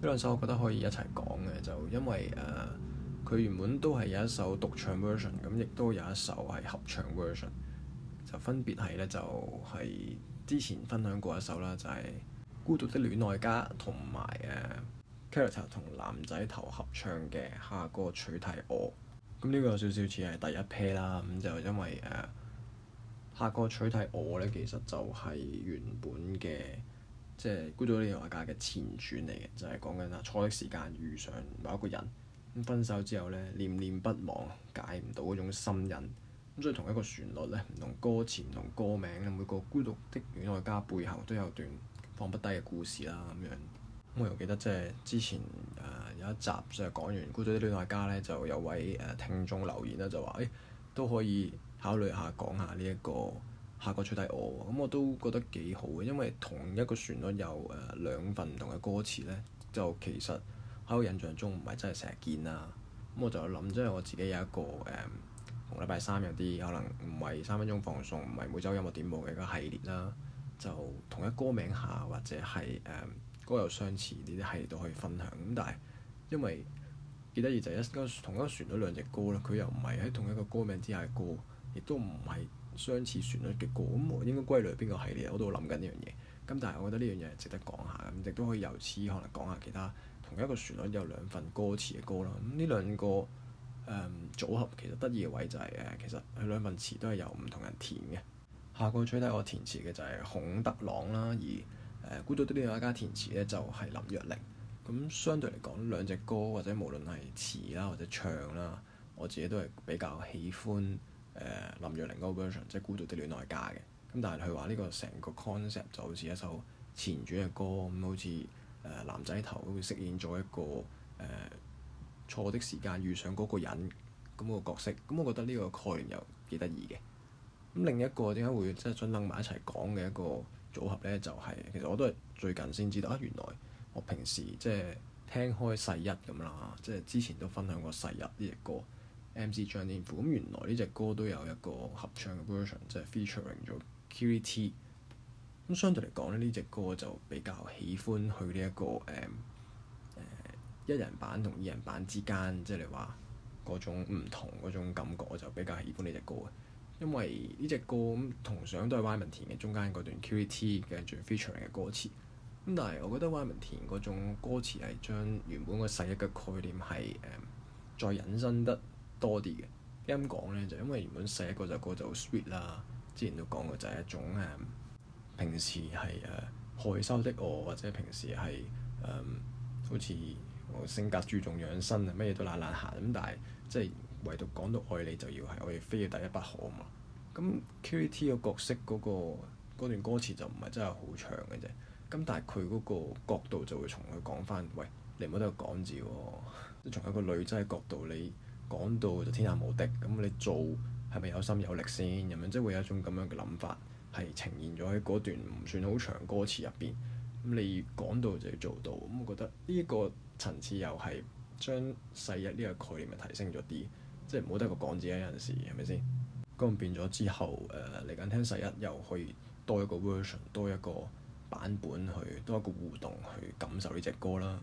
呢兩首我覺得可以一齊講嘅，就因為誒佢、啊、原本都係有一首獨唱 version，咁亦都有一首係合唱 version，就分別係呢，就係、是、之前分享過一首啦，就係、是《孤獨的戀愛家》同埋誒 Kermit 同男仔頭合唱嘅下個取替我。咁呢個有少少似係第一 pair 啦，咁就因為誒、啊、下個取替我呢，其實就係原本嘅。即係《孤獨的戀愛家》嘅前傳嚟嘅，就係、是、講緊啊錯的時間遇上某一個人，咁分手之後呢，念念不忘解唔到嗰種心癮，咁所以同一個旋律呢，唔同歌詞同歌名，每個《孤獨的戀愛家》背後都有段放不低嘅故事啦咁樣。咁我又記得即係之前誒、呃、有一集就講完《孤獨的戀愛家》呢，就有位誒、呃、聽眾留言啦，就話誒、欸、都可以考慮下講下呢、這、一個。下個取代我，咁我都覺得幾好嘅，因為同一個旋律有誒、呃、兩份唔同嘅歌詞咧，就其實喺我印象中唔係真係成日見啦。咁我就諗，即、就、係、是、我自己有一個誒，同禮拜三有啲可能唔係三分鐘放送，唔係每周音樂點播嘅一個系列啦。就同一歌名下或者係誒、呃、歌有相似呢啲系列都可以分享。咁但係因為幾得意就係一同一個旋律兩隻歌啦，佢又唔係喺同一個歌名之下嘅歌，亦都唔係。相似旋律嘅歌，咁我應該歸類邊個系列？我都諗緊呢樣嘢。咁但係我覺得呢樣嘢值得講下，咁亦都可以由此可能講下其他同一個旋律有兩份歌詞嘅歌啦。咁呢兩個誒、嗯、組合其實得意嘅位就係、是、其實佢兩份詞都係由唔同人填嘅。下個取底我填詞嘅就係孔德朗啦，而誒孤獨的戀愛家填詞咧就係林若寧。咁相對嚟講，兩隻歌或者無論係詞啦或者唱啦，我自己都係比較喜歡。呃、林若寧嗰個 version，即係孤獨的戀愛家嘅，咁但係佢話呢個成個 concept 就好似一首前傳嘅歌，咁、嗯、好似誒、呃、男仔頭會飾演咗一個誒、呃、錯的時間遇上嗰個人咁個角色，咁、嗯、我覺得呢個概念又幾得意嘅。咁、嗯、另一個點解會即係想諗埋一齊講嘅一個組合呢？就係、是、其實我都係最近先知道啊，原來我平時即係聽開世一咁啦，即係之前都分享過世一呢隻歌。M.C. 張天賦咁，原來呢隻歌都有一個合唱嘅 version，即係 featuring 咗 K.T. 咁相對嚟講咧，呢隻歌就比較喜歡去呢、這、一個誒、嗯嗯、一人版同二人版之間，即係你話嗰種唔同嗰種感覺，我就比較喜歡呢隻歌。因為呢隻歌咁、嗯、同樣都係 Wyman 填嘅，中間嗰段 K.T. 嘅最 featuring 嘅歌詞咁，但係我覺得 Wyman 填嗰種歌詞係將原本個世一嘅概念係、嗯、再引申得。.多啲嘅，啱講咧就因為原本寫嗰隻歌就好 sweet 啦。之前都講過就係一種誒、嗯，平時係誒、啊、害羞的我或者平時係誒、嗯，好似我性格注重養生啊，咩嘢都懶懶閒咁，但係即係唯獨講到愛你就要係我哋非要第一不可啊嘛。咁 Kitty 個角色嗰、嗰個段歌詞就唔係真係好長嘅啫，咁但係佢嗰個角度就會從佢講翻，喂，你唔好都度講字喎、哦，即係從一個女仔嘅角度你。講到就天下無敵，咁你做係咪有心有力先？咁樣即係會有一種咁樣嘅諗法，係呈現咗喺嗰段唔算好長歌詞入邊。咁你講到就要做到，咁我覺得呢個層次又係將世一呢個概念咪提升咗啲，即係唔好得個講字啊！有陣時係咪先？咁變咗之後，誒嚟緊聽世一又可以多一個 version，多一個版本去，多一個互動去感受呢隻歌啦。